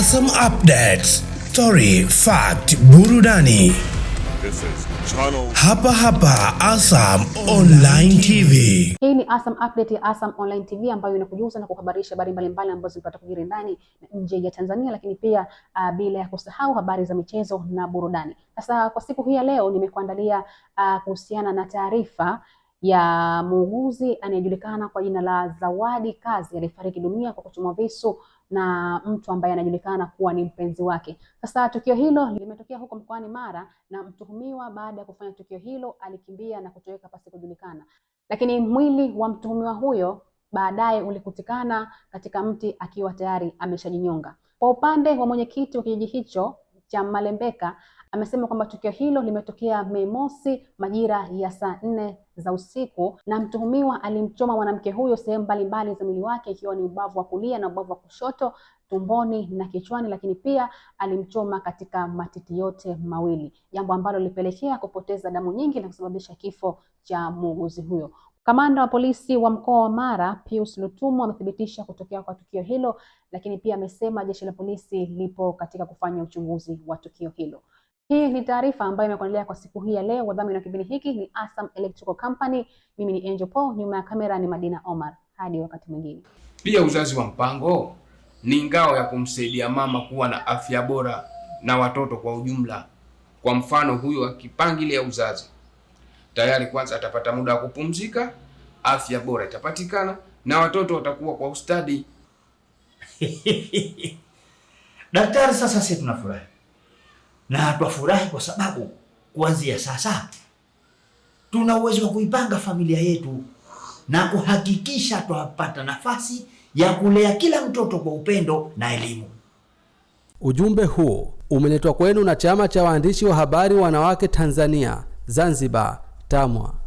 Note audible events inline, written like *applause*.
Asam Updates, story fact, burudani. Hapa hapa Asam Online TV. Hii ni Asam Update ya Asam Online TV ambayo inakujuza na kuhabarisha habari mbalimbali ambazo zimepata kujiri ndani na nje ya Tanzania, lakini pia uh, bila ya kusahau habari za michezo na burudani. Sasa kwa siku hii ya leo nimekuandalia ah, kuhusiana na taarifa ya muuguzi anayejulikana kwa jina la Zawadi Kazi aliyefariki dunia kwa kuchomwa visu na mtu ambaye anajulikana kuwa ni mpenzi wake. Sasa tukio hilo limetokea huko mkoani Mara, na mtuhumiwa baada ya kufanya tukio hilo alikimbia na kutoweka pasi kujulikana, lakini mwili wa mtuhumiwa huyo baadaye ulikutikana katika mti akiwa tayari ameshajinyonga. Kwa upande wa mwenyekiti wa kijiji hicho cha Malembeka amesema kwamba tukio hilo limetokea Mei Mosi majira ya saa nne za usiku, na mtuhumiwa alimchoma mwanamke huyo sehemu mbalimbali za mwili wake ikiwa ni ubavu wa kulia na ubavu wa kushoto, tumboni na kichwani, lakini pia alimchoma katika matiti yote mawili, jambo ambalo lilipelekea kupoteza damu nyingi na kusababisha kifo cha muuguzi huyo. Kamanda wa polisi wa mkoa wa Mara, Pius Lutumo, amethibitisha kutokea kwa tukio hilo, lakini pia amesema jeshi la polisi lipo katika kufanya uchunguzi wa tukio hilo. Hii ni taarifa ambayo imekuendelea kwa siku hii ya leo. Wadhamini wa kipindi hiki ni Asam Electrical Company. Mimi ni Angel Paul, nyuma ya kamera ni Madina Omar. Hadi wakati mwingine. Pia uzazi wa mpango ni ngao ya kumsaidia mama kuwa na afya bora na watoto kwa ujumla. Kwa mfano, huyu akipangilia uzazi tayari kwanza atapata muda wa kupumzika, afya bora itapatikana na watoto watakuwa kwa ustadi. *laughs* Daktari, sasa sisi tunafurahi na twafurahi kwa sababu kuanzia sasa tuna uwezo wa kuipanga familia yetu na kuhakikisha twapata nafasi ya kulea kila mtoto kwa upendo na elimu. Ujumbe huo umeletwa kwenu na Chama cha Waandishi wa Habari Wanawake Tanzania Zanzibar tamwa